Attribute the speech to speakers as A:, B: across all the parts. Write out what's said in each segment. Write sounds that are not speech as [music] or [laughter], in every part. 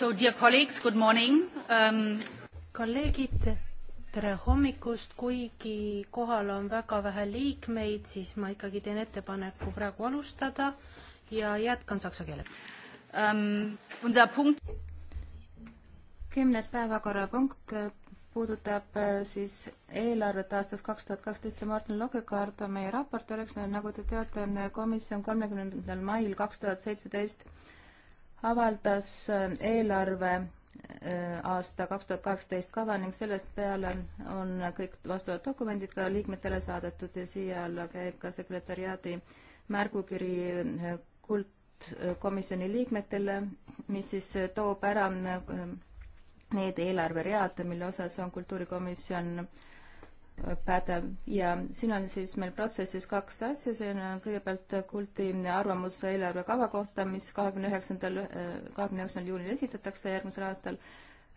A: So dear colleagues, good morning um.... kolleegid, tere hommikust, kuigi kohal on väga vähe liikmeid, siis ma ikkagi teen ettepaneku praegu alustada ja jätkan saksa keeles um,. Unser punkt. kümnes päevakorrapunkt puudutab
B: äh, siis eelarvet aastast kaks tuhat kaksteist ja Martin Lokekaart on meie raportööriks, nagu te teate, komisjon kolmekümnendal mail kaks tuhat seitseteist avaldas äh, eelarve äh, aasta kaks tuhat kaheksateist kava ning sellest peale on kõik vastavad dokumendid ka liikmetele saadetud ja siia alla käib ka sekretäriaadi märgukiri äh, kultkomisjoni liikmetele, mis siis toob ära need eelarveread, mille osas on kultuurikomisjon pädev ja siin on siis meil protsessis kaks asja, siin on kõigepealt kulti arvamus eelarvekava kohta, mis kahekümne üheksandal, äh, kahekümne üheksandal juunil esitatakse järgmisel aastal,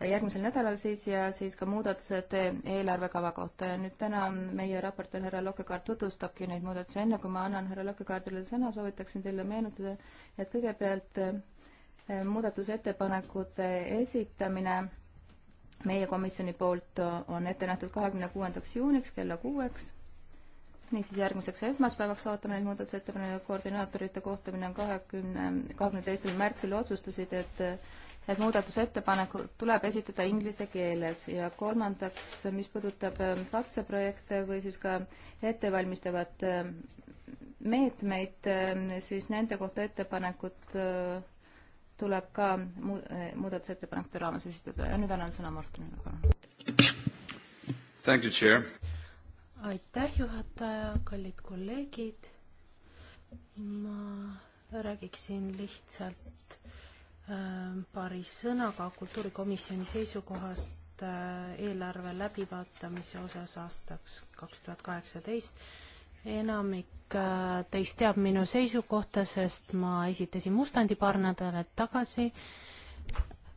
B: järgmisel nädalal siis ja siis ka muudatused eelarvekava kohta ja nüüd täna meie raportöör härra Lokekaart tutvustabki neid muudatusi, enne kui ma annan härra Lokekaardile sõna, soovitaksin teile meenutada, et kõigepealt äh, muudatusettepanekute esitamine meie komisjoni poolt äh, on ette nähtud kahekümne kuuendaks juuniks kella kuueks. niisiis järgmiseks esmaspäevaks ootame neid muudatusettepanekuid. koordinaatorite kohtumine on kahekümne, kahekümne teisel märtsil otsustasid, et äh, et muudatusettepanekud tuleb esitada inglise keeles ja kolmandaks, mis puudutab äh, katseprojekte või siis ka ettevalmistavat meetmeid, siis nende kohta ettepanekud tuleb ka eh, muudatusettepanekute raames esitada ja nüüd annan sõna Martinile, palun.
A: aitäh, juhataja, kallid kolleegid. ma räägiksin lihtsalt ähm, paari sõnaga kultuurikomisjoni seisukohast äh, eelarve läbivaatamise osas aastaks kaks tuhat kaheksateist enamik äh, teist teab minu seisukohta, sest ma esitasin mustandi paar nädalat tagasi.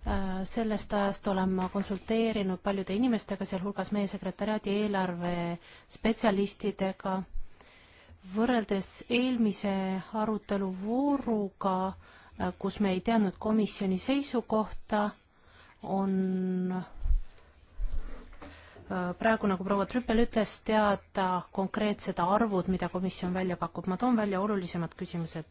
A: Äh, sellest ajast olen ma konsulteerinud paljude inimestega, sealhulgas meie sekretäriaadi eelarvespetsialistidega. võrreldes eelmise arutelu vooruga, äh, kus me ei teadnud komisjoni seisukohta, on Äh, praegu, nagu proua Trüppel ütles, teada konkreetsed arvud, mida komisjon välja pakub. ma toon välja olulisemad küsimused.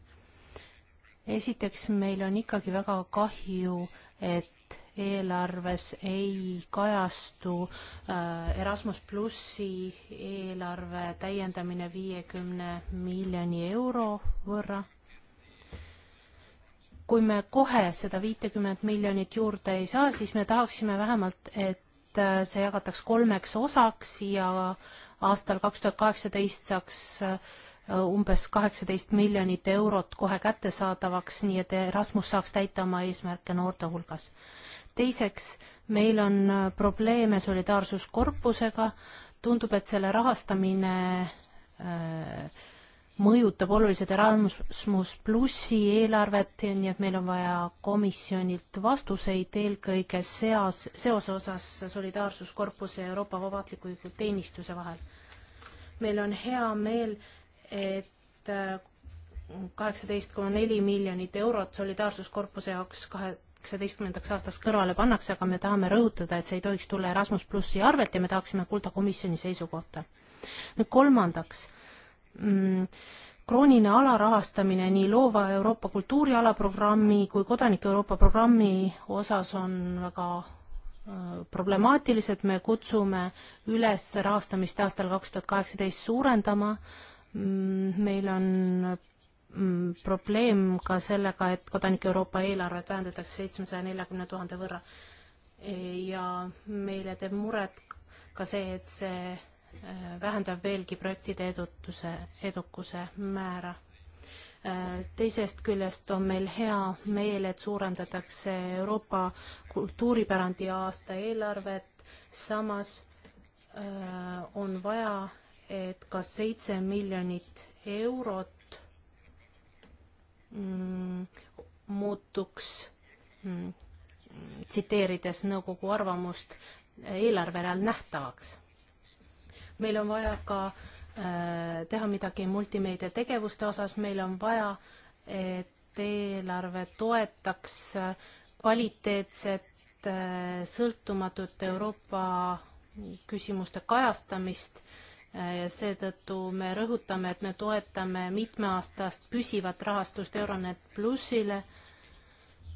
A: esiteks, meil on ikkagi väga kahju, et eelarves ei kajastu äh, Erasmus plussi eelarve täiendamine viiekümne miljoni euro võrra. kui me kohe seda viitekümmet miljonit juurde ei saa, siis me tahaksime vähemalt, et Äh, see jagataks kolmeks osaks ja aastal kaks tuhat kaheksateist saaks äh, umbes kaheksateist miljonit eurot kohe kättesaadavaks, nii et Erasmus saaks täita oma eesmärke noorte hulgas. teiseks, meil on äh, probleeme solidaarsuskorpusega, tundub, et selle rahastamine äh, mõjutab oluliselt Erasmus plussi eelarvet, nii et meil on vaja komisjonilt vastuseid eelkõige seas, seose osas solidaarsuskorpuse ja Euroopa Vabadliku Teenistuse vahel. meil on hea meel, et äh, kaheksateist koma neli miljonit eurot solidaarsuskorpuse jaoks kahe, kaheksateistkümnendaks aastaks kõrvale pannakse, aga me tahame rõhutada, et see ei tohiks tulla Erasmus plussi arvelt ja me tahaksime kuulda komisjoni seisukohta. nüüd kolmandaks Mm, krooniline alarahastamine nii loova Euroopa kultuuriala programmi kui kodanike Euroopa programmi osas on väga äh, problemaatilised, me kutsume üles rahastamist aastal kaks tuhat kaheksateist suurendama, mm, meil on mm, probleem ka sellega, et kodanike Euroopa eelarvet vähendatakse seitsmesaja neljakümne tuhande võrra. ja meile teeb muret ka see, et see vähendab veelgi projektide edutuse, edukuse määra. Äh, teisest küljest on meil hea meel, et suurendatakse Euroopa kultuuripärandi aasta eelarvet, samas äh, on vaja, et ka seitse miljonit eurot mm, muutuks mm, tsiteerides nõukogu arvamust eelarvereal nähtavaks meil on vaja ka äh, teha midagi multimeedia tegevuste osas, meil on vaja, et eelarve toetaks kvaliteetset äh, sõltumatut Euroopa küsimuste kajastamist äh, ja seetõttu me rõhutame, et me toetame mitmeaastast püsivat rahastust Euronet plussile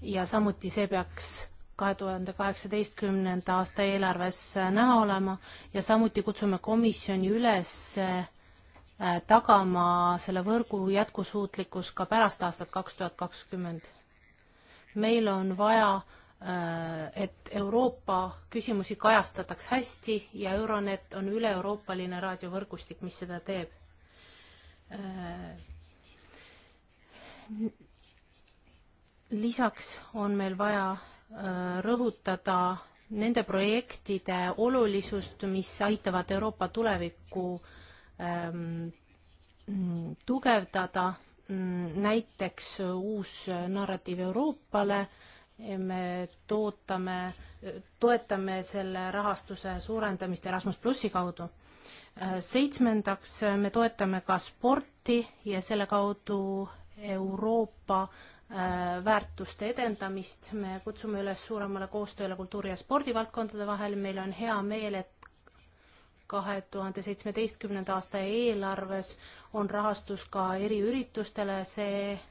A: ja samuti see peaks kahe tuhande kaheksateistkümnenda aasta eelarves äh, näha olema ja samuti kutsume komisjoni üles äh, tagama selle võrgu jätkusuutlikkus ka pärast aastat kaks tuhat kakskümmend. meil on vaja, äh, et Euroopa küsimusi kajastataks hästi ja Euronet on üle-euroopaline raadiovõrgustik, mis seda teeb lisaks on meil vaja Äh, rõhutada nende projektide olulisust, mis aitavad Euroopa tulevikku ähm, tugevdada, mm, näiteks uus narratiiv Euroopale, me tootame, toetame selle rahastuse suurendamist Erasmus plussi kaudu äh, seitsmendaks, me toetame ka sporti ja selle kaudu Euroopa Äh, väärtuste edendamist, me kutsume üles suuremale koostööle kultuuri- ja spordivaldkondade vahel, meil on hea meel, et kahe tuhande seitsmeteistkümnenda aasta eelarves on rahastus ka eriüritustele, see äh,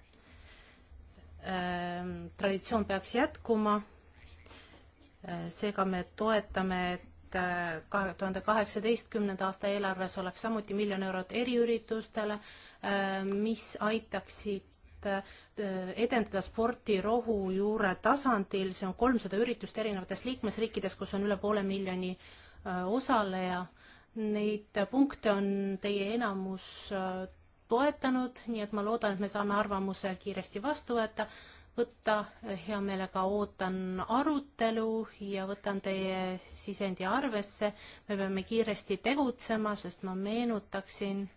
A: traditsioon peaks jätkuma, äh, seega me toetame, et äh, kahe tuhande kaheksateistkümnenda aasta eelarves oleks samuti miljon eurot eriüritustele, mis aitaksid Äh, edendada sporti rohujuure tasandil, see on kolmsada üritust erinevates liikmesriikides, kus on üle poole miljoni äh, osaleja. Neid punkte on teie enamus äh, toetanud, nii et ma loodan, et me saame arvamuse kiiresti vastu võtta, võtta, hea meelega ootan arutelu ja võtan teie sisendi arvesse. me peame kiiresti tegutsema, sest ma meenutaksin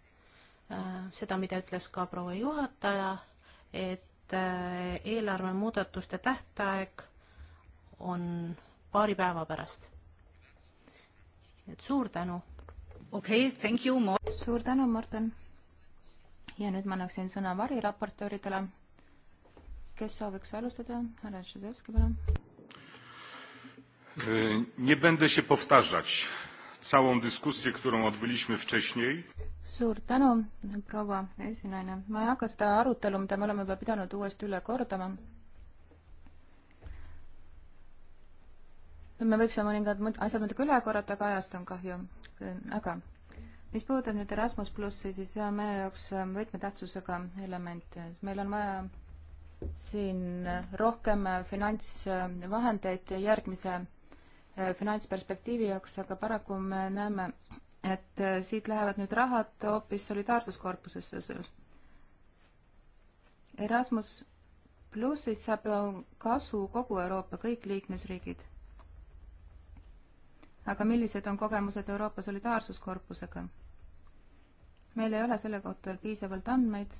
A: seda, mida ütles ka proua juhataja, et äh, eelarve muudatuste tähtaeg on paari päeva pärast. et suur tänu! okei okay,, thank you, Morten! suur tänu, Morten! ja nüüd ma
B: annaksin sõna variraportööridele. kes sooviks alustada? härra Žuzevski, palun!
C: Nie będę się powtarzać całą dyskusję, którą odbyliśmy wcześniej.
B: suur tänu, proua esinaine. ma ei hakka seda arutelu, mida me oleme juba pidanud, uuesti üle kordama. me võiksime mõningad asjad muidugi üle korrata, aga ajast on kahju. aga mis puudutab nüüd Erasmus plussi, siis see on meie jaoks võtmetähtsusega element. meil on vaja siin rohkem finantsvahendeid järgmise Äh, finantsperspektiivi jaoks, aga paraku me näeme, et äh, siit lähevad nüüd rahad hoopis solidaarsuskorpusesse. Erasmus plussist saab kasu kogu Euroopa, kõik liikmesriigid. aga millised on kogemused Euroopa solidaarsuskorpusega? meil ei ole selle kohta veel piisavalt andmeid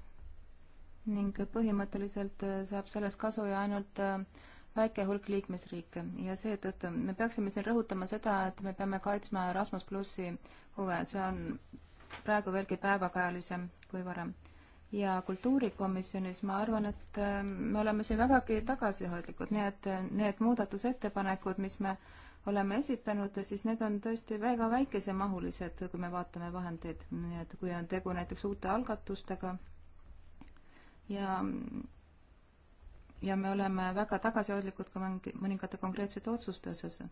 B: ning põhimõtteliselt äh, saab sellest kasu ju ainult äh, väike hulk liikmesriike ja seetõttu me peaksime siin rõhutama seda, et me peame kaitsma Erasmus plussi huve, see on praegu veelgi päevakajalisem kui varem. ja kultuurikomisjonis ma arvan, et ähm, me oleme siin vägagi tagasihoidlikud, nii et äh, need muudatusettepanekud, mis me oleme esitanud, siis need on tõesti väga väikesemahulised, kui me vaatame vahendeid, nii et kui on tegu näiteks uute algatustega ja ja me oleme väga tagasihoidlikud ka mõningate konkreetsete otsuste osas.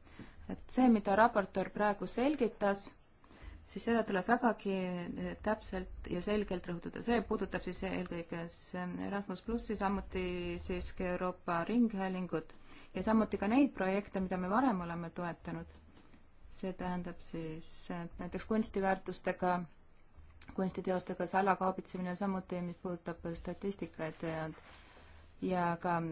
B: et see, mida raportöör praegu selgitas, siis seda tuleb vägagi eh, täpselt ja selgelt rõhutada. see puudutab siis eelkõige Erasmus plussi, samuti siis ka Euroopa Ringhäälingut ja samuti ka neid projekte, mida me varem oleme toetanud. see tähendab siis näiteks kunstiväärtustega, kunstiteostega salakaubitsemine, samuti mis puudutab statistikaid ja et ja ka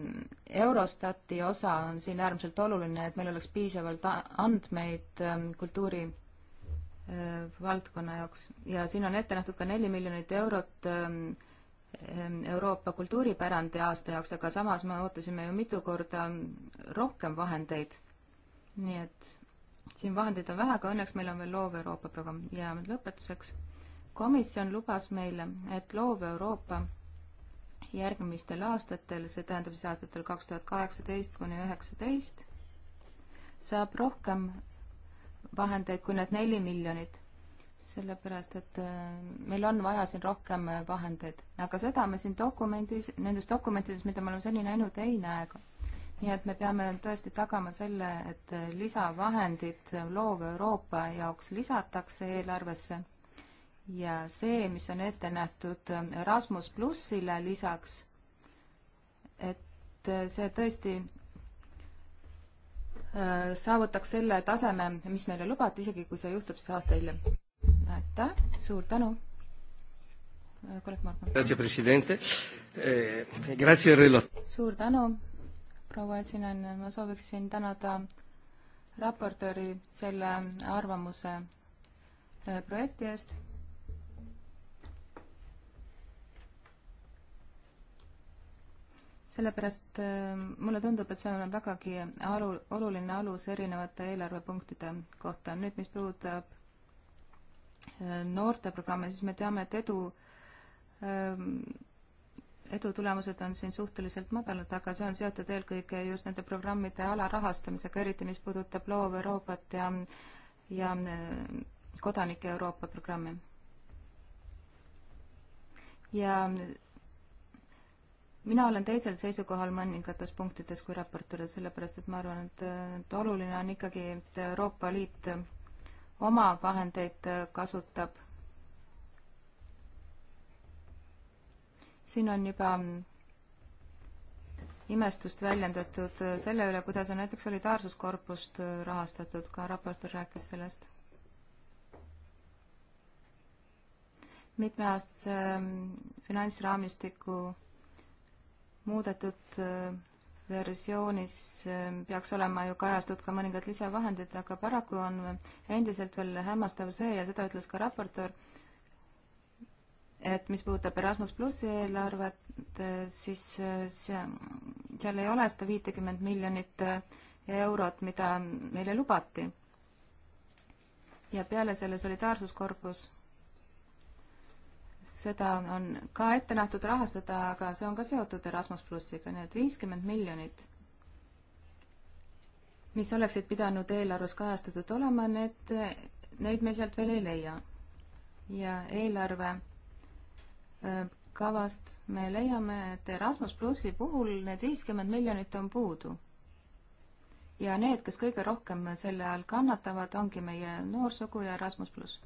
B: Eurostati osa on siin äärmiselt oluline, et meil oleks piisavalt andmeid ähm, kultuuri äh, valdkonna jaoks ja siin on ette nähtud ka neli miljonit eurot ähm, ähm, Euroopa kultuuripärandi aasta jaoks, aga samas me ootasime ju mitu korda rohkem vahendeid. nii et siin vahendeid on vähe, aga õnneks meil on veel loov Euroopa programm ja lõpetuseks. komisjon lubas meile, et loov Euroopa järgmistel aastatel, see tähendab siis aastatel kaks tuhat kaheksateist kuni üheksateist, saab rohkem vahendeid kui need neli miljonit, sellepärast et äh, meil on vaja siin rohkem äh, vahendeid, aga seda me siin dokumendis, nendes dokumentides, mida me oleme seni näinud, ei näe ka. nii et me peame tõesti tagama selle, et äh, lisavahendid loov Euroopa jaoks lisatakse eelarvesse ja see, mis on ette nähtud Erasmus plussile lisaks, et see tõesti äh, saavutaks selle taseme, mis meile lubati, isegi kui see juhtub siis aasta hiljem. aitäh, suur tänu. Äh, eh, suur tänu, proua esinaine, ma sooviksin tänada raportööri selle arvamuse äh, projekti eest sellepärast äh, mulle tundub, et see on vägagi aru, oluline alus erinevate eelarvepunktide kohta. nüüd, mis puudutab äh, noorteprogramme, siis me teame, et edu, ähm, edu tulemused on siin suhteliselt madalad, aga see on seotud eelkõige just nende programmide alarahastamisega, eriti mis puudutab loov Euroopat ja, ja äh, kodanike Euroopa programmi. ja mina olen teisel seisukohal mõningates punktides kui raportöör, sellepärast et ma arvan, et, et oluline on ikkagi, et Euroopa Liit oma vahendeid kasutab. siin on juba imestust väljendatud selle üle, kuidas on näiteks solidaarsuskorpust rahastatud, ka raportöör rääkis sellest mitmeaastase finantsraamistiku muudetud äh, versioonis äh, peaks olema ju kajastatud ka mõningad lisavahendid, aga paraku on endiselt veel hämmastav see ja seda ütles ka raportöör, et mis puudutab Erasmus plussi eelarvet, äh, siis seal, seal ei ole seda viitekümmet miljonit eurot, mida meile lubati. ja peale selle solidaarsuskorpus seda on ka ette nähtud rahastada, aga see on ka seotud Erasmus plussiga, nii et viiskümmend miljonit, mis oleksid pidanud eelarves kajastatud olema, need, neid me sealt veel ei leia. ja eelarve äh, kavast me leiame, et Erasmus plussi puhul need viiskümmend miljonit on puudu. ja need, kes kõige rohkem selle all kannatavad, ongi meie noorsugu ja Erasmus pluss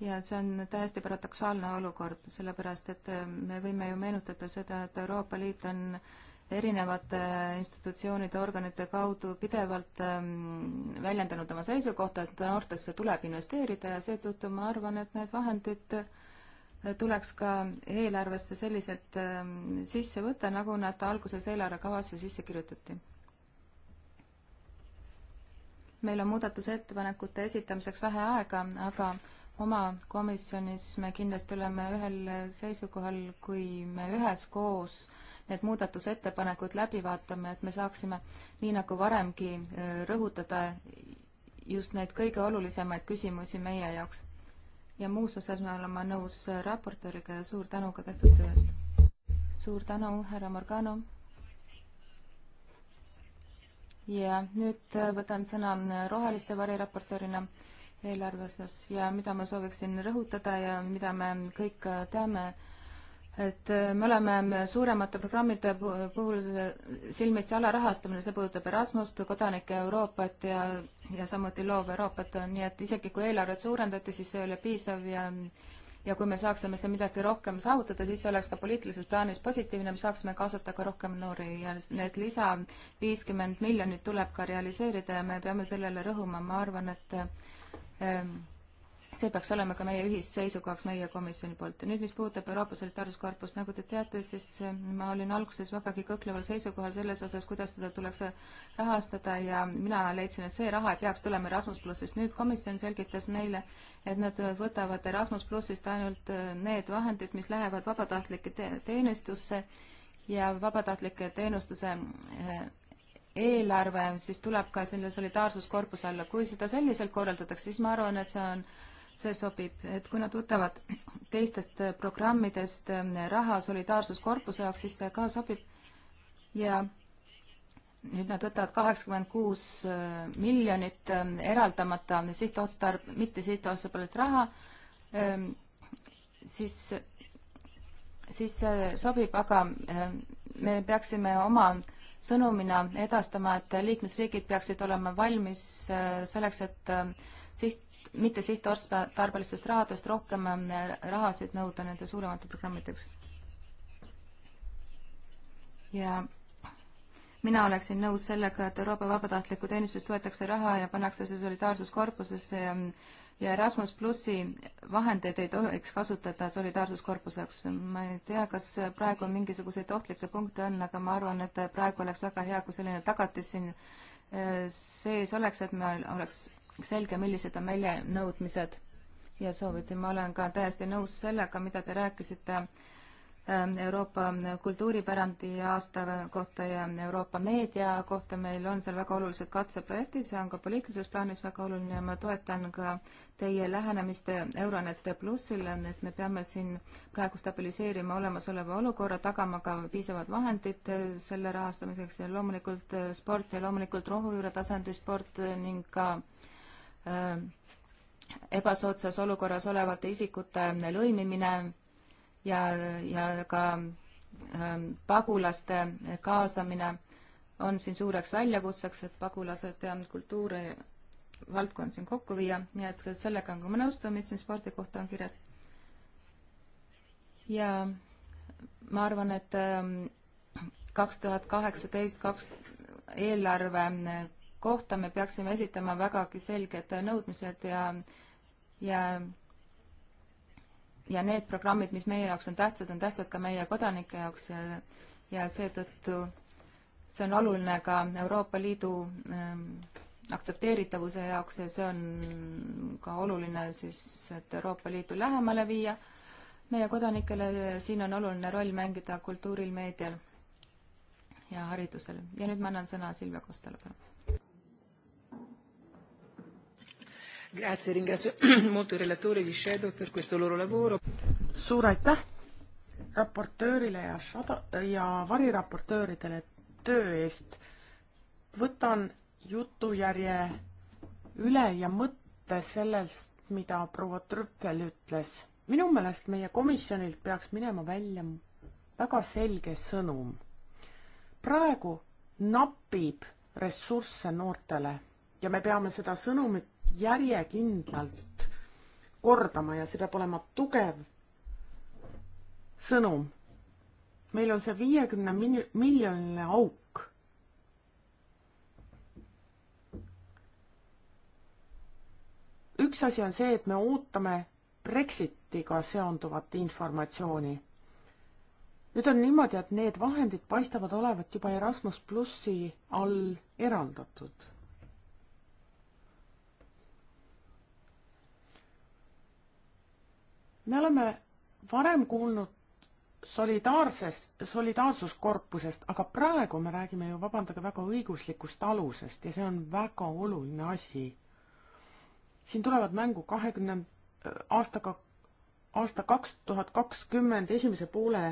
B: ja see on täiesti paradoksaalne olukord, sellepärast et äh, me võime ju meenutada seda, et Euroopa Liit on erinevate institutsioonide, organite kaudu pidevalt ähm, väljendanud oma seisukohta, et noortesse tuleb investeerida ja seetõttu ma arvan, et need vahendid äh, tuleks ka eelarvesse selliselt ähm, sisse võtta, nagu nad alguses eelarvekavasse sisse kirjutati meil on muudatusettepanekute esitamiseks vähe aega, aga oma komisjonis me kindlasti oleme ühel seisukohal, kui me üheskoos need muudatusettepanekud läbi vaatame, et me saaksime nii nagu varemgi äh, rõhutada just neid kõige olulisemaid küsimusi meie jaoks. ja muus osas me oleme nõus äh, raportööriga ja suur tänu ka tehtud töö eest. suur tänu, härra Morgano. ja nüüd äh, võtan sõna roheliste variraportöörina eelarve osas ja mida ma sooviksin rõhutada ja mida me kõik teame, et me oleme suuremate programmide puhul silmitsi alarahastamine, see puudutab Erasmust, kodanike Euroopat ja, ja samuti loov Euroopat, nii et isegi kui eelarvet suurendati, siis see ei ole piisav ja ja kui me saaksime seal midagi rohkem saavutada, siis see oleks ka poliitilises plaanis positiivne, me saaksime kaasata ka rohkem noori ja need lisa viiskümmend miljonit tuleb ka realiseerida ja me peame sellele rõhuma, ma arvan, et Ehm, see peaks olema ka meie ühisseisukohaks meie komisjoni poolt. nüüd, mis puudutab Euroopa Solidaarsuskorpust, nagu te teate, siis ehm, ma olin alguses vägagi kõhkleval seisukohal selles osas, kuidas seda tuleks äh, rahastada ja mina leidsin, et see raha ei peaks tulema Erasmus plussist. nüüd komisjon selgitas meile, et nad võtavad Erasmus plussist ainult äh, need vahendid, mis lähevad vabatahtlike te teenistusse ja vabatahtlike teenustuse äh, eelarve, siis tuleb ka selle solidaarsuskorpuse alla. kui seda selliselt korraldatakse, siis ma arvan, et see on, see sobib, et kui nad võtavad teistest programmidest ähm, raha solidaarsuskorpuse jaoks, siis see ka sobib. ja nüüd nad võtavad kaheksakümmend kuus äh, miljonit ähm, eraldamata sihtotstarb-, mitte sihtotstarbelt raha, ähm, siis, siis see äh, sobib, aga me peaksime oma äh, sõnumina edastama, et liikmesriigid peaksid olema valmis äh, selleks, et äh, siht, mitte sihtotstarbelistest rahadest rohkem äh, rahasid nõuda nende suuremate programmideks. ja mina oleksin nõus sellega, et Euroopa Vabatahtlikku Teenistust võetakse raha ja pannakse see solidaarsuskorpusesse ja mm, ja Erasmus plussi vahendeid ei tohiks kasutada solidaarsuskorpuseks. ma ei tea, kas praegu mingisuguseid ohtlikke punkte on, aga ma arvan, et praegu oleks väga hea, kui selline tagatis siin äh, sees oleks, et meil oleks selge, millised on meie nõudmised ja soovid ja ma olen ka täiesti nõus sellega, mida te rääkisite äh, Ähm, Euroopa kultuuripärandi aasta kohta ja Euroopa meedia kohta, meil on seal väga olulised katseprojektid, see on ka poliitilises plaanis väga oluline ja ma toetan ka teie lähenemist Euronet plussile, et me peame siin praegu stabiliseerima olemasoleva olukorra, tagama ka piisavad vahendid selle rahastamiseks ja loomulikult äh, sport ja loomulikult rohujuure tasandi sport ning ka äh, ebasoodsas olukorras olevate isikute lõimimine ja, ja ka ähm, pagulaste kaasamine on siin suureks väljakutseks, et pagulased ja kultuuri valdkond siin kokku viia, nii et sellega on ka ma nõustunud, mis siin spordi kohta on kirjas. ja ma arvan, et ähm, kaks tuhat kaheksateist, kaks eelarve kohta me peaksime esitama vägagi selged nõudmised ja, ja ja need programmid, mis meie jaoks on tähtsad, on tähtsad ka meie kodanike jaoks ja, ja seetõttu see on oluline ka Euroopa Liidu ähm, aktsepteeritavuse jaoks ja see on ka oluline siis, et Euroopa Liitu lähemale viia meie kodanikele, siin on oluline roll mängida kultuuril, meedial ja haridusel. ja nüüd ma annan sõna Silvia Kostale, palun.
C: Grazie, ringrazio [clears throat] molto il relatore e gli shadow per questo loro lavoro. suur aitäh raportöörile ja shadow ja variraportööridele töö eest. võtan jutujärje üle ja mõtte sellest, mida proua Trüppel ütles. minu meelest meie komisjonilt peaks minema välja väga selge sõnum. praegu napib ressursse noortele ja me peame seda sõnumit järjekindlalt kordama ja see peab olema tugev sõnum. meil on see viiekümne miljoniline auk. üks asi on see, et me ootame Brexitiga seonduvat informatsiooni. nüüd on niimoodi, et need vahendid paistavad olevat juba Erasmus plussi all eraldatud me oleme varem kuulnud solidaarsest, solidaarsuskorpusest, aga praegu me räägime ju, vabandage väga, õiguslikust alusest ja see on väga oluline asi. siin tulevad mängu kahekümne äh, aastaga, aasta kaks tuhat kakskümmend esimese poole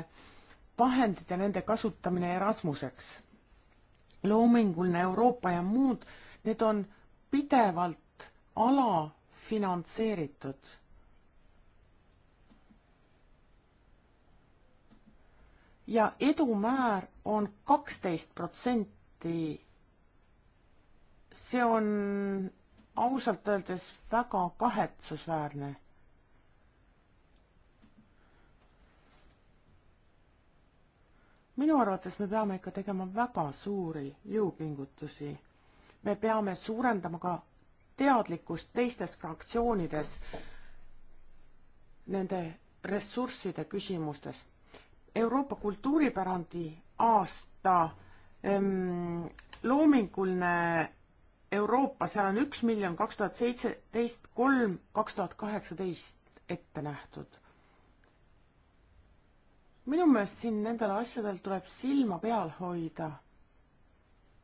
C: vahendid ja nende kasutamine Erasmuseks. loominguline Euroopa ja muud, need on pidevalt alafinantseeritud ja edumäär on kaksteist protsenti. see on ausalt öeldes väga kahetsusväärne. minu arvates me peame ikka tegema väga suuri jõupingutusi. me peame suurendama ka teadlikkust teistes fraktsioonides nende ressursside küsimustes Euroopa kultuuripärandi aasta ehm, loominguline Euroopa, seal on üks miljon kaks tuhat seitseteist, kolm kaks tuhat kaheksateist ette nähtud. minu meelest siin nendel asjadel tuleb silma peal hoida.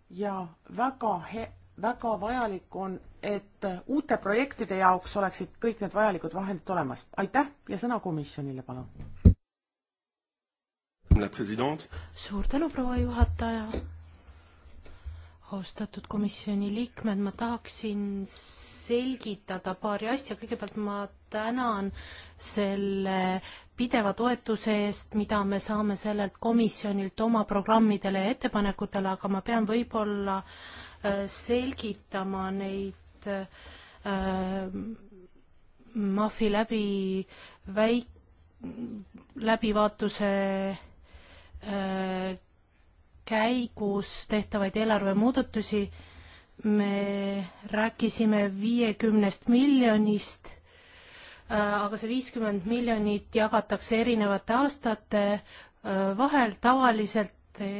C: ja väga he-, väga vajalik on, et uute projektide jaoks oleksid kõik need vajalikud vahendid olemas. aitäh ja sõna komisjonile, palun suur tänu, proua juhataja.
A: austatud komisjoni liikmed, ma tahaksin selgitada paari asja, kõigepealt ma tänan selle pideva toetuse eest, mida me saame sellelt komisjonilt oma programmidele ja ettepanekutele, aga ma pean võib-olla äh, selgitama neid äh, MAF-i läbi väik-, läbivaatuse käigus tehtavaid eelarvemuudatusi. me rääkisime viiekümnest miljonist, äh, aga see viiskümmend miljonit jagatakse erinevate aastate äh, vahel, tavaliselt te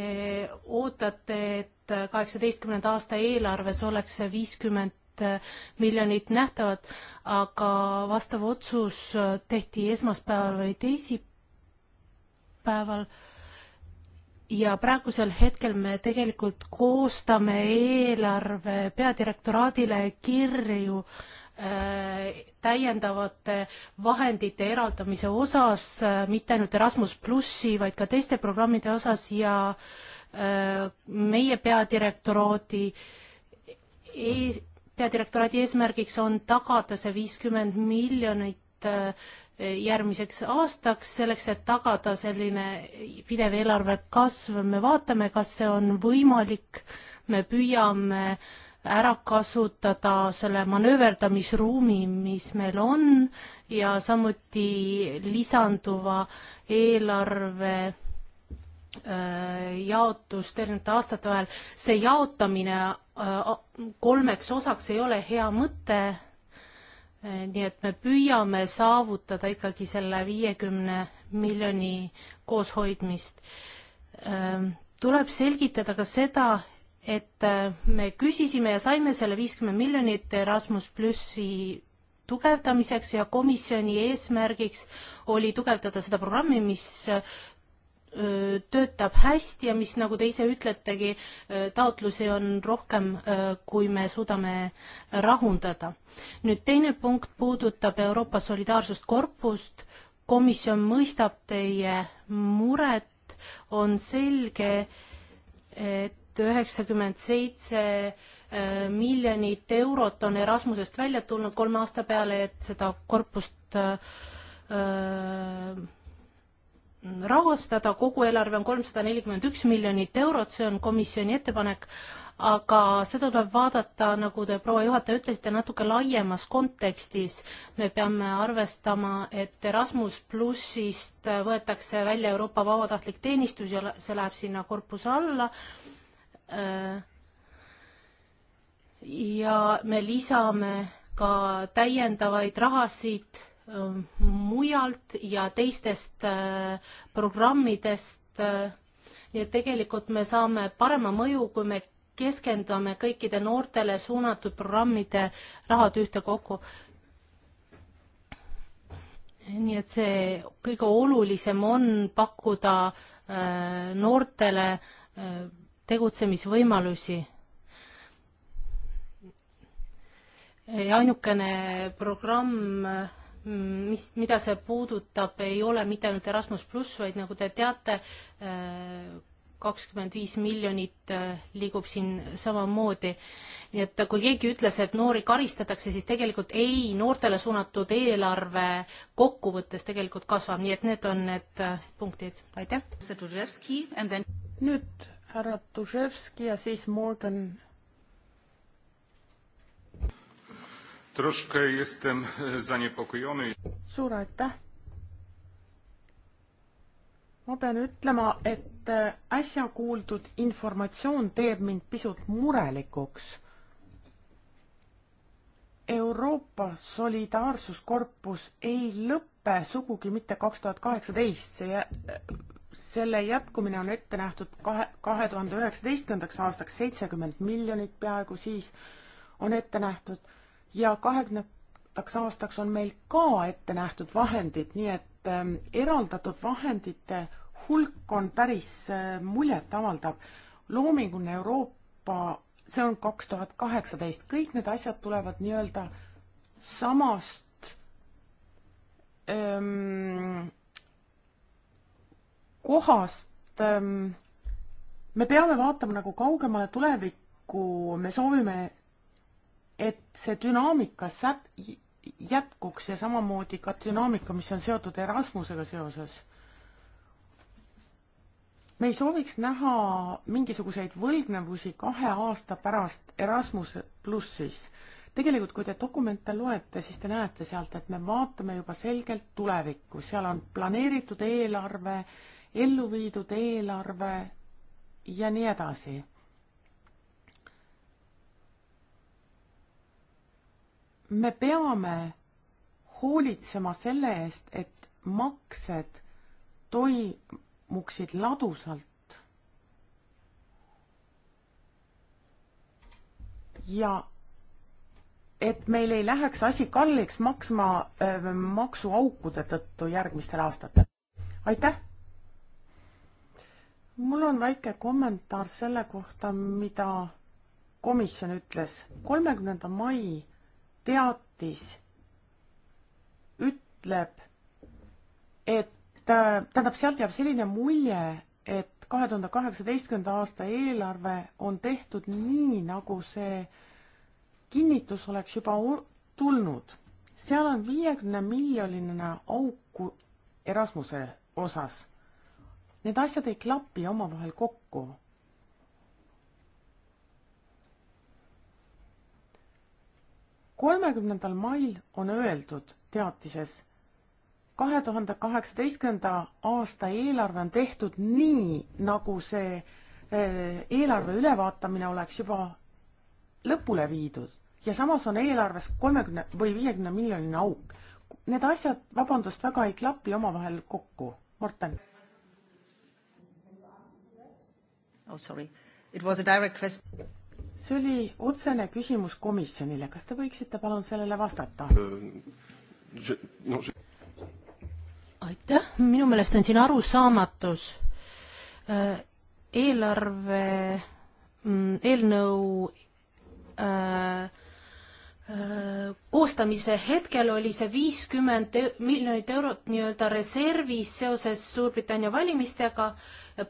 A: ootate, et kaheksateistkümnenda aasta eelarves oleks see viiskümmend äh, miljonit nähtavat, aga vastav otsus tehti esmaspäeval või teisipäeval ja praegusel hetkel me tegelikult koostame eelarve peadirektoraadile kirju äh, täiendavate vahendite eraldamise osas äh,, mitte ainult Erasmus plussi, vaid ka teiste programmide osas ja äh, meie peadirektoraadi e peadirektoraadi eesmärgiks on tagada see viiskümmend miljonit äh, järgmiseks aastaks, selleks et tagada selline pidev eelarve kasv, me vaatame, kas see on võimalik, me püüame ära kasutada selle manööverdamisruumi, mis meil on ja samuti lisanduva eelarve äh, jaotust erinevate aastate vahel, see jaotamine äh, kolmeks osaks ei ole hea mõte, nii et me püüame saavutada ikkagi selle viiekümne miljoni kooshoidmist. Ähm, tuleb selgitada ka seda, et äh, me küsisime ja saime selle viiskümmend miljonit Erasmus plussi tugevdamiseks ja komisjoni eesmärgiks oli tugevdada seda programmi, mis äh, töötab hästi ja mis, nagu te ise ütletegi, taotlusi on rohkem, kui me suudame rahundada. nüüd teine punkt puudutab Euroopa Solidaarsuskorpust. komisjon mõistab teie muret, on selge, et üheksakümmend seitse miljonit eurot on Erasmusest välja tulnud kolme aasta peale, et seda korpust öö, rahastada, kogu eelarve on kolmsada nelikümmend üks miljonit eurot, see on komisjoni ettepanek, aga seda tuleb vaadata, nagu te, proua juhataja, ütlesite, natuke laiemas kontekstis. me peame arvestama, et Erasmus plussist võetakse välja Euroopa vabatahtlik teenistus ja see läheb sinna korpuse alla äh, ja me lisame ka täiendavaid rahasid mujalt ja teistest programmidest. nii et tegelikult me saame parema mõju, kui me keskendume kõikide noortele suunatud programmide rahad ühtekokku. nii et see kõige olulisem on pakkuda noortele tegutsemisvõimalusi ja ainukene programm Mm, mis, mida see puudutab, ei ole mitte ainult Erasmus pluss, vaid nagu te teate, äh, kakskümmend viis miljonit äh, liigub siin samamoodi. nii et kui keegi ütles, et noori karistatakse, siis tegelikult ei, noortele suunatud eelarve kokkuvõttes tegelikult kasvab, nii et need on need äh, punktid, aitäh.
C: nüüd härra Tuševski ja siis Morgan Troszkę jestem e, zaniepokojony. suur aitäh! ma pean ütlema, et e, äsja kuuldud informatsioon teeb mind pisut murelikuks. Euroopa Solidaarsuskorpus ei lõpe sugugi mitte kaks tuhat kaheksateist, see, selle jätkumine on ette nähtud kahe, kahe tuhande üheksateistkümnendaks aastaks seitsekümmend miljonit peaaegu siis on ette nähtud ja kahekümnendaks aastaks on meil ka ette nähtud vahendid, nii et ähm, eraldatud vahendite hulk on päris äh, muljetavaldav. loominguline Euroopa, see on kaks tuhat kaheksateist, kõik need asjad tulevad nii-öelda samast ähm, kohast ähm, me peame vaatama nagu kaugemale tulevikku, me soovime et see dünaamika sät-, jätkuks ja samamoodi ka dünaamika, mis on seotud Erasmusega seoses. me ei sooviks näha mingisuguseid võlgnevusi kahe aasta pärast Erasmus plussis. tegelikult, kui te dokumente loete, siis te näete sealt, et me vaatame juba selgelt tulevikku, seal on planeeritud eelarve, ellu viidud eelarve ja nii edasi me peame hoolitsema selle eest, et maksed toimuksid ladusalt. ja et meil ei läheks asi kalliks maksma äh, maksuaukude tõttu järgmistel aastatel. aitäh! mul on väike kommentaar selle kohta, mida komisjon ütles. kolmekümnenda mai teatis ütleb, et tähendab, sealt jääb selline mulje, et kahe tuhande kaheksateistkümnenda aasta eelarve on tehtud nii, nagu see kinnitus oleks juba tulnud. seal on viiekümne miljoniline auku Erasmuse osas. Need asjad ei klapi omavahel kokku kolmekümnendal mail on öeldud teatises, kahe tuhande kaheksateistkümnenda aasta eelarve on tehtud nii, nagu see eh, eelarve ülevaatamine oleks juba lõpule viidud ja samas on eelarves kolmekümne või viiekümne miljoniline auk. Need asjad, vabandust, väga ei klapi omavahel kokku. Morten. oh sorry, it was a direct question see oli otsene küsimus komisjonile, kas te võiksite palun sellele vastata? aitäh, minu meelest on siin arusaamatus.
A: Äh, eelarve mm, eelnõu äh, koostamise hetkel oli see viiskümmend e- miljonit eurot nii-öelda reservis seoses Suurbritannia valimistega.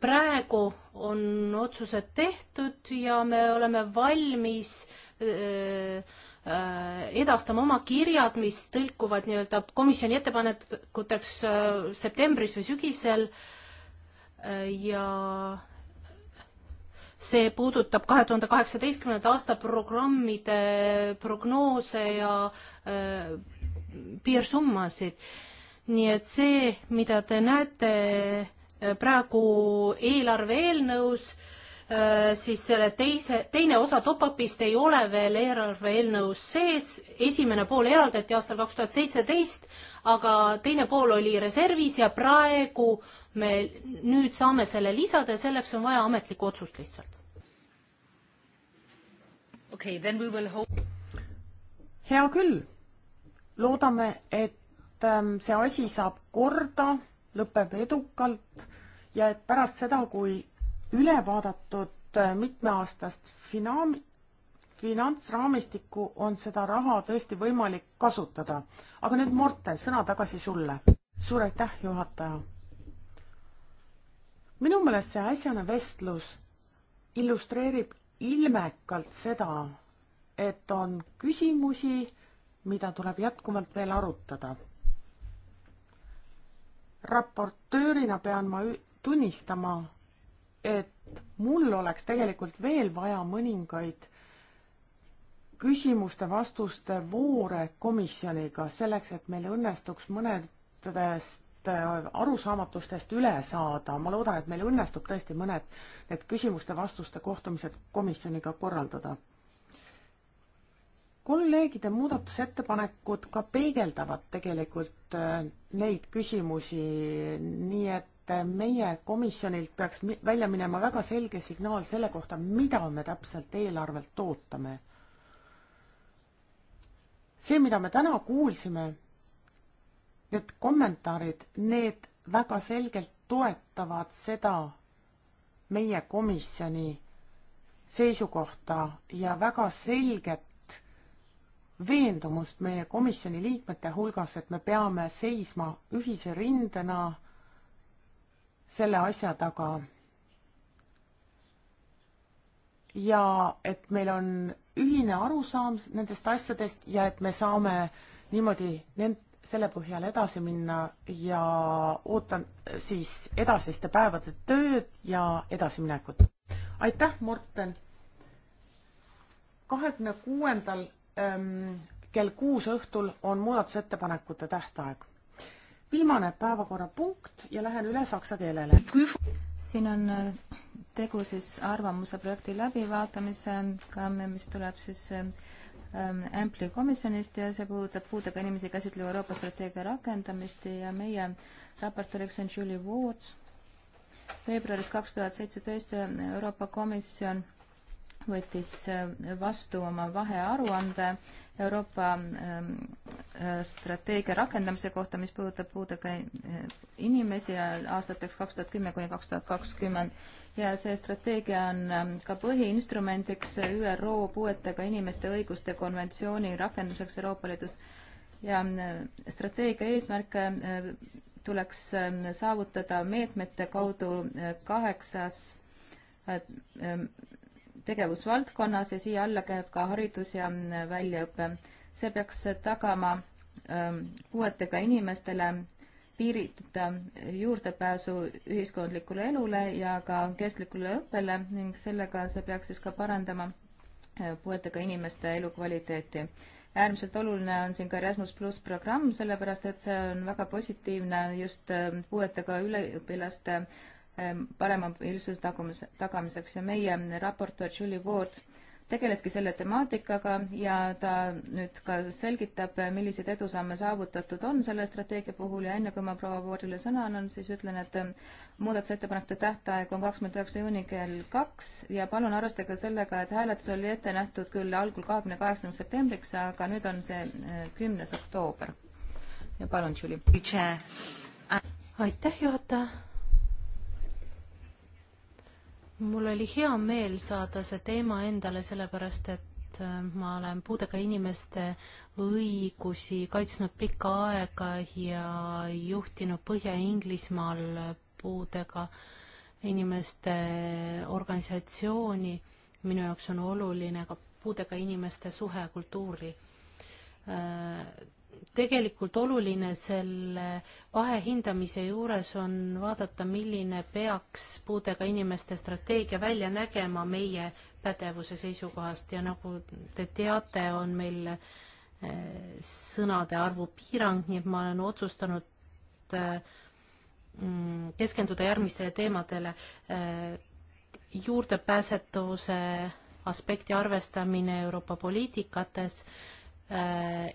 A: praegu on otsused tehtud ja me oleme valmis e, e, edastama oma kirjad, mis tõlkuvad nii-öelda komisjoni ettepanekuteks septembris või sügisel ja see puudutab kahe tuhande kaheksateistkümnenda aasta programmide prognoose ja äh, piirsummasid. nii et see, mida te näete äh, praegu eelarve eelnõus äh,, siis selle teise, teine osa top-up'ist ei ole veel eelarve eelnõus sees, esimene pool eraldati aastal kaks tuhat seitseteist, aga teine pool oli reservis ja praegu me nüüd saame selle lisada ja selleks on vaja ametlikku otsust lihtsalt. okei okay,, then we will hope.
C: hea küll. loodame, et ähm, see asi saab korda, lõpeb edukalt ja et pärast seda, kui üle vaadatud äh, mitmeaastast finaal, finantsraamistikku on seda raha tõesti võimalik kasutada. aga nüüd Morten, sõna tagasi sulle. suur aitäh, juhataja minu meelest see äsjane vestlus illustreerib ilmekalt seda, et on küsimusi, mida tuleb jätkuvalt veel arutada. raportöörina pean ma tunnistama, et mul oleks tegelikult veel vaja mõningaid küsimuste-vastuste voore komisjoniga selleks, et meil õnnestuks mõnedest Äh, arusaamatustest üle saada, ma loodan, et meil õnnestub tõesti mõned need küsimuste-vastuste kohtumised komisjoniga korraldada. kolleegide muudatusettepanekud ka peegeldavad tegelikult äh, neid küsimusi, nii et äh, meie komisjonilt peaks välja minema väga selge signaal selle kohta, mida me täpselt eelarvelt ootame. see, mida me täna kuulsime Need kommentaarid, need väga selgelt toetavad seda meie komisjoni seisukohta ja väga selget veendumust meie komisjoni liikmete hulgas, et me peame seisma ühise rindena selle asja taga. ja et meil on ühine arusaam nendest asjadest ja et me saame niimoodi nend-, selle põhjal edasi minna ja ootan siis edasiste päevade tööd ja edasiminekut. aitäh, Morten! kahekümne kuuendal ähm, kell kuus õhtul on muudatusettepanekute tähtaeg. viimane päevakorrapunkt ja lähen üle saksa keelele.
B: siin on äh, tegu siis arvamuse projekti läbivaatamisega, mis tuleb siis äh, Ampli ähm, komisjonist ja see puudutab puudega inimesi käsitleva Euroopa strateegia rakendamist ja meie raportööriks on Julie Ward. veebruaris kaks tuhat seitseteist Euroopa Komisjon võttis äh, vastu oma vahearuande Euroopa ähm, äh, strateegia rakendamise kohta, mis puudutab puudega äh, inimesi aastateks kaks tuhat kümme kuni kaks tuhat kakskümmend ja see strateegia on ähm, ka põhiinstrumendiks ÜRO puuetega inimeste õiguste konventsiooni rakendamiseks Euroopa Liidus ja ähm, strateegia eesmärke äh, tuleks saavutada meetmete kaudu kaheksas tegevusvaldkonnas ja siia alla käib ka haridus ja väljaõpe. see peaks tagama ähm, puuetega inimestele piirita juurdepääsu ühiskondlikule elule ja ka kestlikule õppele ning sellega see peaks siis ka parandama äh, puuetega inimeste elukvaliteeti. äärmiselt oluline on siin ka Erasmus pluss programm, sellepärast et see on väga positiivne just ähm, puuetega üliõpilaste Ähm, parema ühtsuse tagumise, tagamiseks ja meie raportöör Julie Ward tegeleski selle temaatikaga ja ta nüüd ka selgitab, milliseid edusamme saavutatud on selle strateegia puhul ja enne kui ma proua Voodile sõna annan, siis ütlen, et äh, muudatusettepanekute tähtaeg on kakskümmend üheksa juuni kell kaks ja palun arvestage sellega, et hääletus oli ette nähtud küll algul kahekümne kaheksandaks septembriks, aga nüüd on see äh, kümnes oktoober.
A: ja palun, Julie. aitäh, juhataja mul oli hea meel saada see teema endale, sellepärast et äh, ma olen puudega inimeste õigusi kaitsnud pikka aega ja juhtinud Põhja-Inglismaal puudega inimeste organisatsiooni. minu jaoks on oluline ka puudega inimeste suhe kultuuri äh, tegelikult oluline selle vahe hindamise juures on vaadata, milline peaks puudega inimeste strateegia välja nägema meie pädevuse seisukohast ja nagu te teate, on meil eh, sõnade arvu piirang, nii et ma olen otsustanud eh, mm, keskenduda järgmistele teemadele. Eh, juurdepääsetavuse aspekti arvestamine Euroopa poliitikates Äh,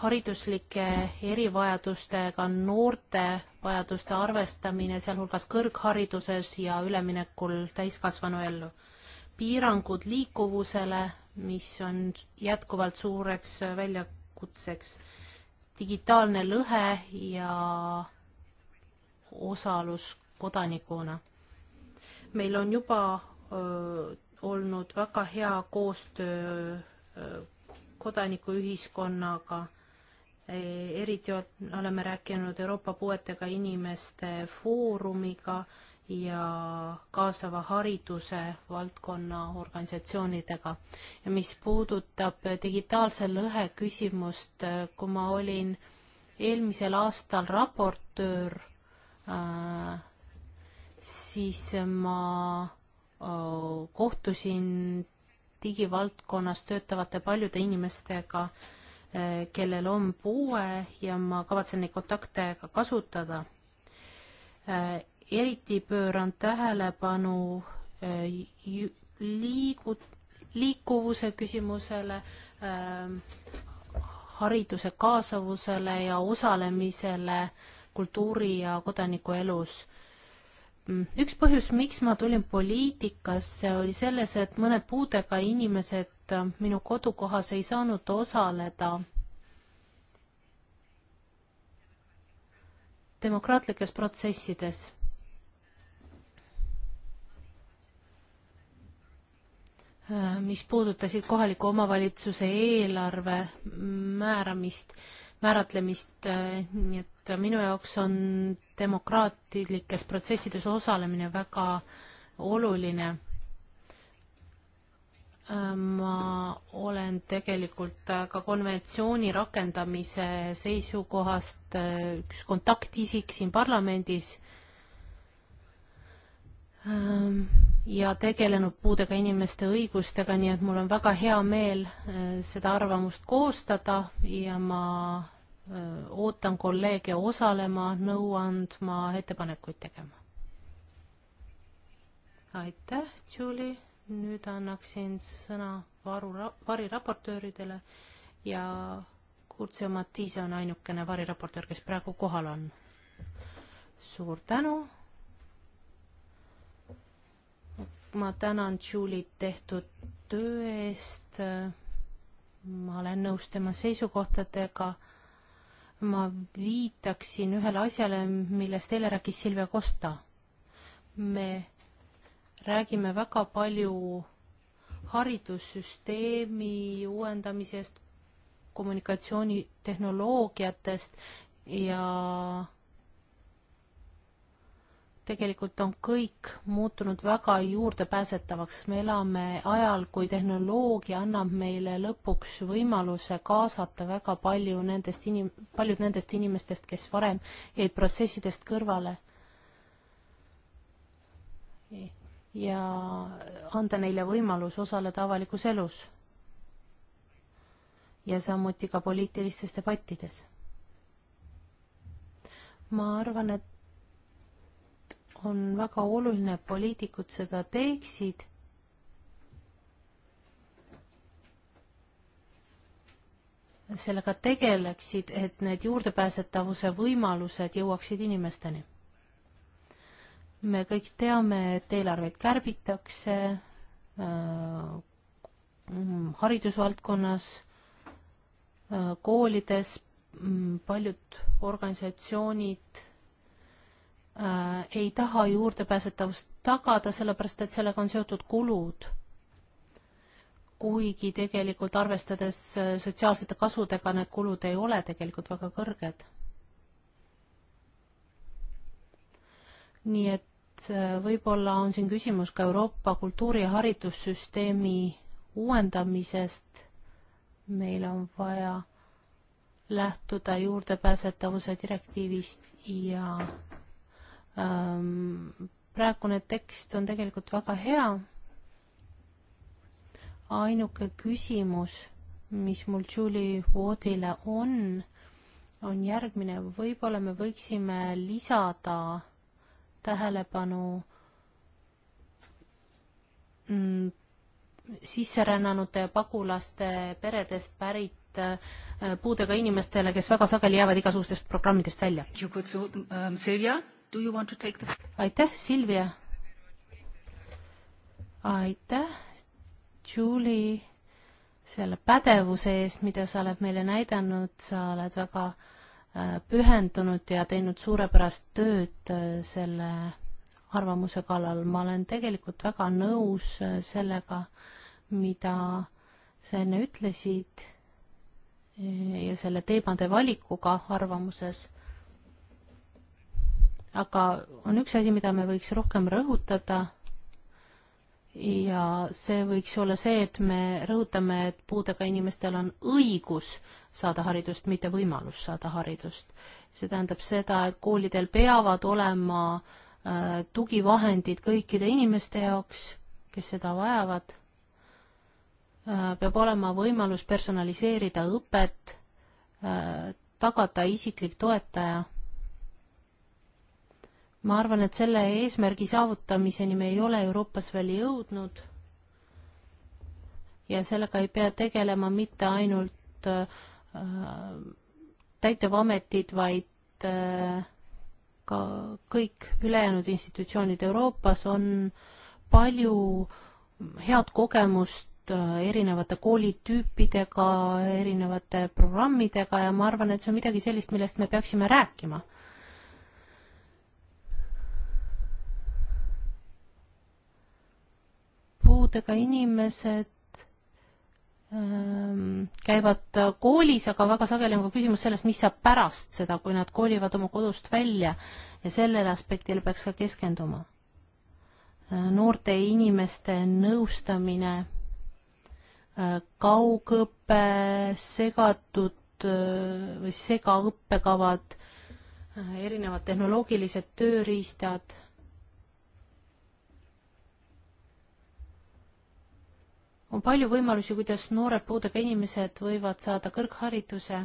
A: hariduslike erivajadustega noorte vajaduste arvestamine, sealhulgas kõrghariduses ja üleminekul täiskasvanu ellu. piirangud liikuvusele, mis on jätkuvalt suureks väljakutseks, digitaalne lõhe ja osalus kodanikuna. meil on juba öö, olnud väga hea koostöö öö, kodanikuühiskonnaga, eh, eriti oleme rääkinud Euroopa Puuetega Inimeste Foorumiga ja kaasava hariduse valdkonna organisatsioonidega. ja mis puudutab digitaalse lõhe küsimust, kui ma olin eelmisel aastal raportöör äh,, siis ma äh, kohtusin digivaldkonnas töötavate paljude inimestega, eh, kellel on puue ja ma kavatsen neid kontakte ka kasutada. Eh, eriti pööran tähelepanu eh, liigu, liikuvuse küsimusele, hariduse kaasavusele ja osalemisele kultuuri- ja kodanikuelus Mm. üks põhjus, miks ma tulin poliitikasse, oli selles, et mõned puudega inimesed äh, minu kodukohas ei saanud osaleda demokraatlikes protsessides. Äh, mis puudutasid kohaliku omavalitsuse eelarve määramist, määratlemist, äh, nii et et minu jaoks on demokraatlikes protsessides osalemine väga oluline. ma olen tegelikult ka konventsiooni rakendamise seisukohast üks kontaktisik siin parlamendis ähm, ja tegelenud puudega inimeste õigustega, nii et mul on väga hea meel äh, seda arvamust koostada ja ma ootan kolleege osalema, nõu andma, ettepanekuid tegema. aitäh, Julie, nüüd annaksin sõna varu, variraportööridele ja Kurtsio Mattiise on ainukene variraportöör, kes praegu kohal on. suur tänu. ma tänan Julie't tehtud töö eest. ma olen nõus tema seisukohtadega ma viitaksin ühele asjale, millest eile rääkis Silvia Kosta. me räägime väga palju haridussüsteemi uuendamisest, kommunikatsioonitehnoloogiatest ja tegelikult on kõik muutunud väga juurdepääsetavaks, me elame ajal, kui tehnoloogia annab meile lõpuks võimaluse kaasata väga palju nendest inim-, paljud nendest inimestest, kes varem jäid protsessidest kõrvale. ja anda neile võimalus osaleda avalikus elus. ja samuti ka poliitilistes debattides. ma arvan, et on väga oluline, et poliitikud seda teeksid. sellega tegeleksid, et need juurdepääsetavuse võimalused jõuaksid inimesteni. me kõik teame, et eelarveid kärbitakse äh, haridusvaldkonnas äh,, koolides paljud organisatsioonid Äh, ei taha juurdepääsetavust tagada, sellepärast et sellega on seotud kulud. kuigi tegelikult arvestades äh, sotsiaalsete kasudega, need kulud ei ole tegelikult väga kõrged. nii et äh, võib-olla on siin küsimus ka Euroopa kultuuri- ja haridussüsteemi uuendamisest. meil on vaja lähtuda juurdepääsetavuse direktiivist ja Ehm, praegune tekst on tegelikult väga hea. ainuke küsimus, mis mul Julie Woodile on, on järgmine, võib-olla me võiksime lisada tähelepanu mm, sisserännanute ja pagulaste peredest pärit eh, puudega inimestele, kes väga sageli jäävad igasugustest programmidest välja. Silvia The... aitäh, Silvia. aitäh, Julie, selle pädevuse eest, mida sa oled meile näidanud, sa oled väga äh, pühendunud ja teinud suurepärast tööd äh, selle arvamuse kallal. ma olen tegelikult väga nõus äh, sellega, mida sa enne ütlesid ja selle teemade valikuga arvamuses aga on üks asi, mida me võiks rohkem rõhutada ja see võiks olla see, et me rõhutame, et puudega inimestel on õigus saada haridust, mitte võimalus saada haridust. see tähendab seda, et koolidel peavad olema äh, tugivahendid kõikide inimeste jaoks, kes seda vajavad äh,. peab olema võimalus personaliseerida õpet äh,, tagada isiklik toetaja ma arvan, et selle eesmärgi saavutamiseni me ei ole Euroopas veel jõudnud ja sellega ei pea tegelema mitte ainult äh, täitevametid, vaid äh, ka kõik ülejäänud institutsioonid Euroopas on palju head kogemust äh, erinevate koolitüüpidega, erinevate programmidega ja ma arvan, et see on midagi sellist, millest me peaksime rääkima puudega inimesed ähm, käivad koolis, aga väga sageli on ka küsimus sellest, mis saab pärast seda, kui nad koolivad oma kodust välja ja sellele aspektile peaks ka keskenduma. Äh, noorte inimeste nõustamine, äh, kaugõpe, segatud äh, või segaõppekavad, erinevad tehnoloogilised tööriistad on palju võimalusi, kuidas noored puudega inimesed võivad saada kõrghariduse.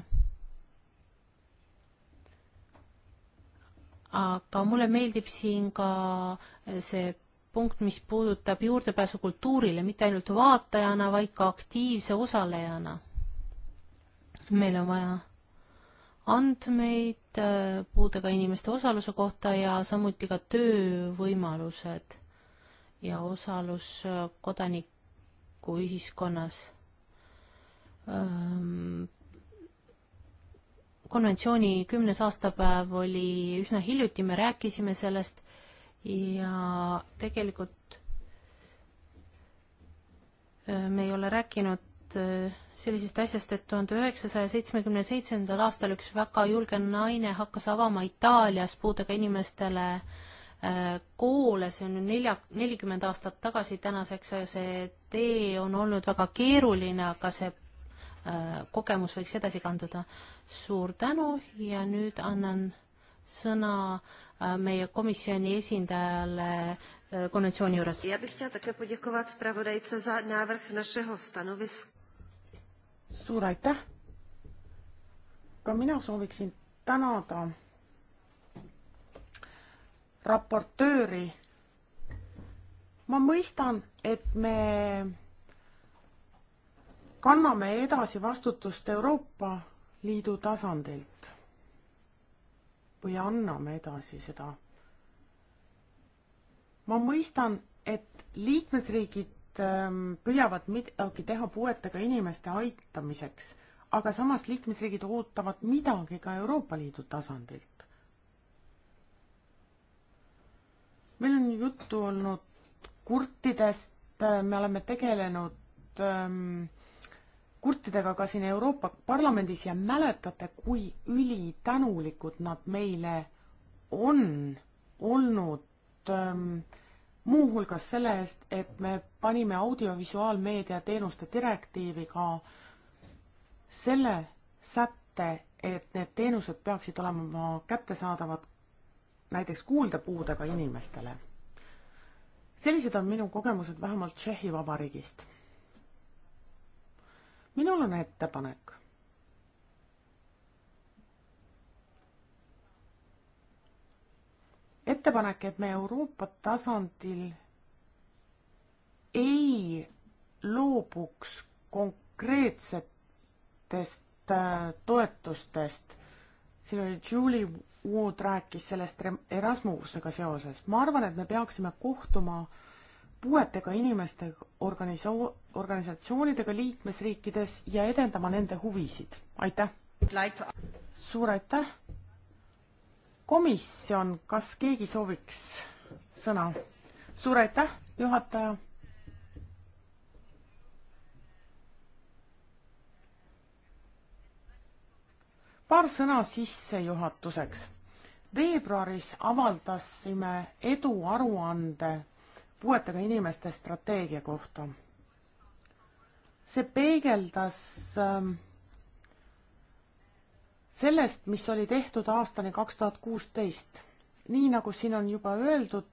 A: aga mulle meeldib siin ka see punkt, mis puudutab juurdepääsu kultuurile mitte ainult vaatajana, vaid ka aktiivse osalejana. meil on vaja andmeid äh, puudega inimeste osaluse kohta ja samuti ka töövõimalused ja osalus äh, kodanik, kodanikuühiskonnas ähm, konventsiooni kümnes aastapäev oli üsna hiljuti, me rääkisime sellest ja tegelikult äh, me ei ole rääkinud äh, sellisest asjast, et tuhande üheksasaja seitsmekümne seitsmendal aastal üks väga julge naine hakkas avama Itaalias puudega inimestele äh, koole, see on nelja, nelikümmend aastat tagasi tänaseks, see tee on olnud väga keeruline, aga see äh, kogemus võiks edasi kanduda. suur tänu ja nüüd annan sõna äh, meie komisjoni esindajale äh,
C: konventsiooni juures. suur aitäh! ka mina sooviksin tänada raportööri. ma mõistan, et me kanname edasi vastutust Euroopa Liidu tasandilt või anname edasi seda. ma mõistan, et liikmesriigid ähm, püüavad midagi teha puuetega inimeste aitamiseks, aga samas liikmesriigid ootavad midagi ka Euroopa Liidu tasandilt. meil on juttu olnud kurtidest, me oleme tegelenud ähm, kurtidega ka siin Euroopa Parlamendis ja mäletate, kui ülitänulikud nad meile on olnud ähm, muuhulgas selle eest, et me panime audiovisuaalmeedia teenuste direktiivi ka selle sätte, et need teenused peaksid olema kättesaadavad näiteks kuuldepuudega inimestele. sellised on minu kogemused vähemalt Tšehhi Vabariigist. minul on ettepanek. ettepanek, et me Euroopa tasandil ei loobuks konkreetsetest äh, toetustest. siin oli Julie Uud rääkis sellest Erasmusega seoses. ma arvan, et me peaksime kohtuma puuetega inimeste organisa-, organisatsioonidega liikmesriikides ja edendama nende huvisid. aitäh! suur aitäh! komisjon, kas keegi sooviks sõna? suur aitäh, juhataja! paar sõna sissejuhatuseks veebruaris avaldasime eduaruande puuetega inimeste strateegia kohta. see peegeldas ähm, sellest, mis oli tehtud aastani kaks tuhat kuusteist. nii nagu siin on juba öeldud,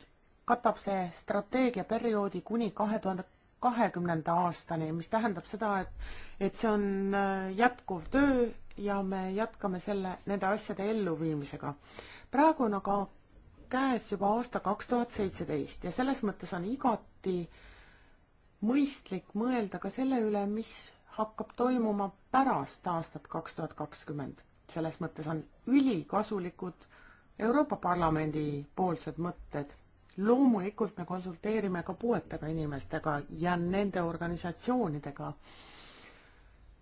C: katab see strateegiaperioodi kuni kahe tuhande kahekümnenda aastani, mis tähendab seda, et, et see on äh, jätkuv töö ja me jätkame selle, nende asjade elluviimisega praegu on aga käes juba aasta kaks tuhat seitseteist ja selles mõttes on igati mõistlik mõelda ka selle üle, mis hakkab toimuma pärast aastat kaks tuhat kakskümmend. selles mõttes on ülikasulikud Euroopa Parlamendi poolsed mõtted. loomulikult me konsulteerime ka puuetega inimestega ja nende organisatsioonidega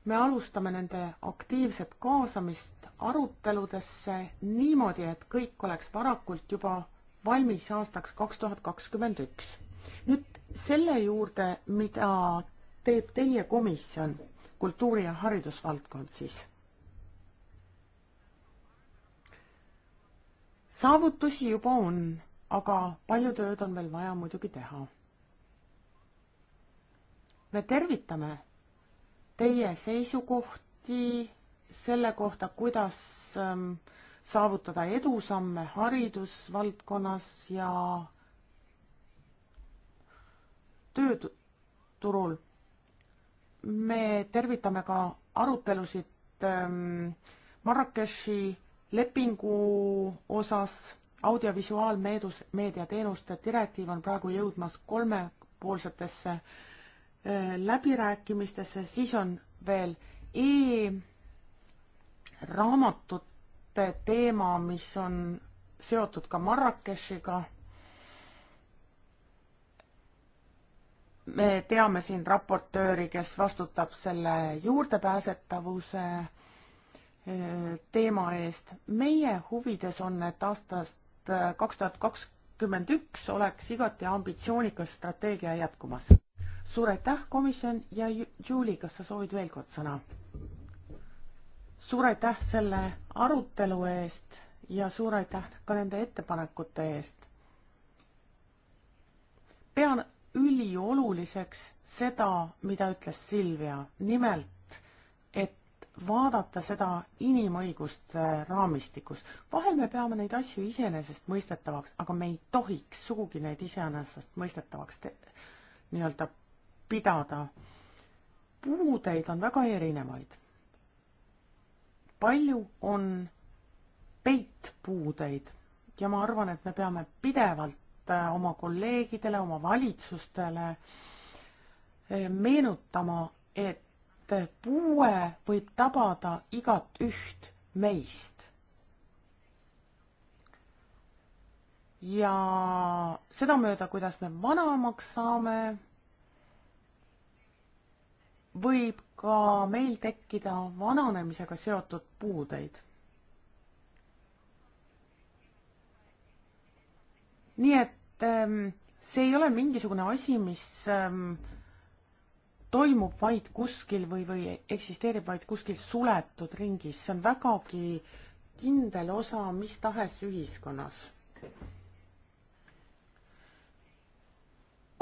C: me alustame nende aktiivset kaasamist aruteludesse niimoodi, et kõik oleks varakult juba valmis aastaks kaks tuhat kakskümmend üks. nüüd selle juurde, mida teeb teie komisjon, kultuuri- ja haridusvaldkond siis? saavutusi juba on, aga palju tööd on veel vaja muidugi teha. me tervitame teie seisukohti selle kohta, kuidas ähm, saavutada edusamme haridusvaldkonnas ja tööturul. me tervitame ka arutelusid ähm, Marrakechi lepingu osas audiovisuaalmeedias, meediateenuste direktiiv on praegu jõudmas kolmepoolsetesse läbirääkimistesse, siis on veel e-raamatute teema, mis on seotud ka Marrakechiga. me teame siin raportööri, kes vastutab selle juurdepääsetavuse e, teema eest. meie huvides on, et aastast e, kaks tuhat kakskümmend üks oleks igati ambitsioonikas strateegia jätkumas suur aitäh, komisjon ja Julie, kas sa soovid veel kord sõna? suur aitäh selle arutelu eest ja suur aitäh ka nende ettepanekute eest. pean ülioluliseks seda, mida ütles Silvia, nimelt, et vaadata seda inimõiguste raamistikus. vahel me peame neid asju iseenesestmõistetavaks, aga me ei tohiks sugugi neid iseenesestmõistetavaks nii-öelda pidada. puudeid on väga erinevaid. palju on peitpuudeid ja ma arvan, et me peame pidevalt äh, oma kolleegidele, oma valitsustele äh, meenutama, et äh, puue võib tabada igat üht meist. ja sedamööda, kuidas me vanemaks saame, võib ka meil tekkida vananemisega seotud puudeid. nii et ähm, see ei ole mingisugune asi, mis ähm, toimub vaid kuskil või, või eksisteerib vaid kuskil suletud ringis, see on vägagi kindel osa mis tahes ühiskonnas.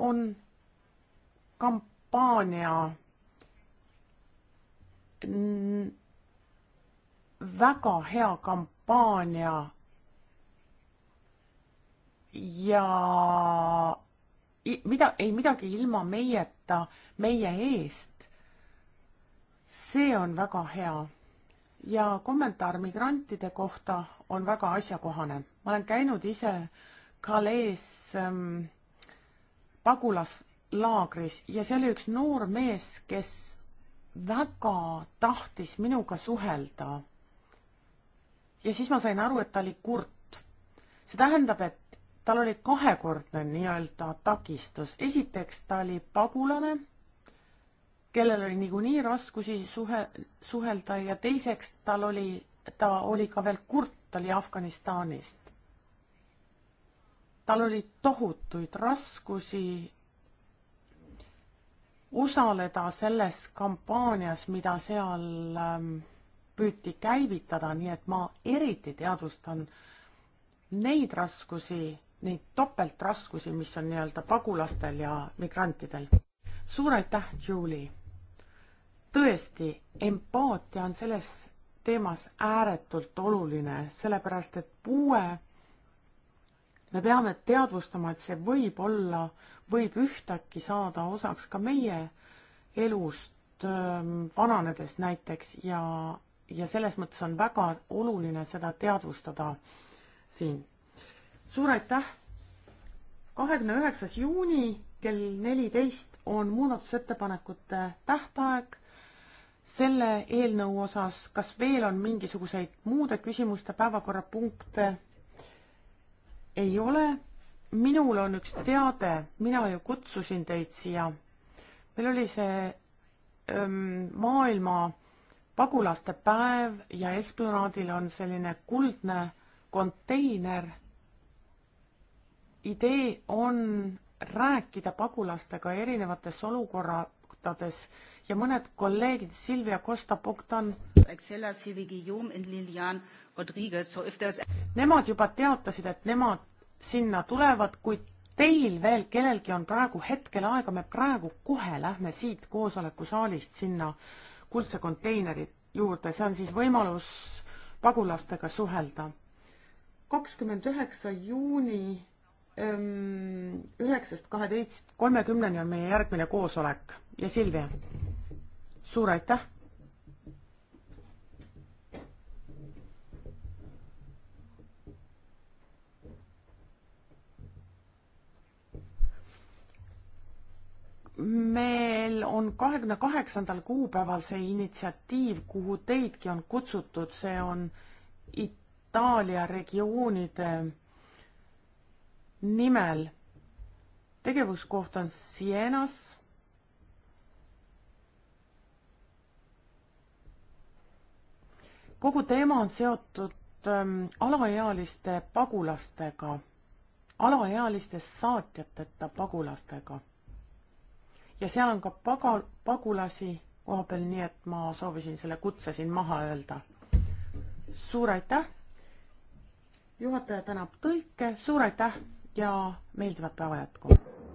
C: on kampaania väga hea kampaania ja mida, ei midagi ilma meieta, meie eest. see on väga hea. ja kommentaar migrantide kohta on väga asjakohane. ma olen käinud ise Calais ähm, pagulaslaagris ja see oli üks noor mees, kes väga tahtis minuga suhelda. ja siis ma sain aru, et ta oli kurt. see tähendab, et tal oli kahekordne nii-öelda takistus. esiteks ta oli pagulane, kellel oli niikuinii raskusi suhe, suhelda ja teiseks tal oli, ta oli ka veel kurt, ta oli Afganistanist. tal oli tohutuid raskusi osaleda selles kampaanias, mida seal ähm, püüti käivitada, nii et ma eriti teadvustan neid raskusi, neid topeltraskusi, mis on nii-öelda pagulastel ja migrantidel. suur aitäh, Julie! tõesti, empaatia on selles teemas ääretult oluline, sellepärast et puue, me peame teadvustama, et see võib olla äh, võib ühtäkki saada osaks ka meie elust ähm, vananedes näiteks ja, ja selles mõttes on väga oluline seda teadvustada siin. suur aitäh! kahekümne üheksas juuni kell neliteist on muudatusettepanekute tähtaeg selle eelnõu osas, kas veel on mingisuguseid muude küsimuste päevakorrapunkte? ei ole, minul on üks teade, mina ju kutsusin teid siia. meil oli see öm, ähm, maailma pagulaste päev ja Esplanaadil on selline kuldne konteiner. idee on rääkida pagulastega erinevates olukordades ja mõned kolleegid Silvia Costa-Bogdan Nemad juba teatasid, et nemad sinna tulevad, kuid teil veel kellelgi on praegu hetkel aega, me praegu kohe lähme siit koosolekusaalist sinna kuldse konteineri juurde, see on siis võimalus pagulastega suhelda. kakskümmend üheksa juuni ehm, üheksast kaheteist kolmekümneni on meie järgmine koosolek ja Silvia, suur aitäh meil on kahekümne kaheksandal kuupäeval see initsiatiiv, kuhu teidki on kutsutud, see on Itaalia regioonide nimel. tegevuskoht on Sienas. kogu teema on seotud ähm, alaealiste pagulastega, alaealistest saatjateta pagulastega ja seal on ka paga, pagulasi koha peal, nii et ma soovisin selle kutse siin maha öelda. suur aitäh! juhataja tänab tõlke, suur aitäh ja meeldivat päeva jätku!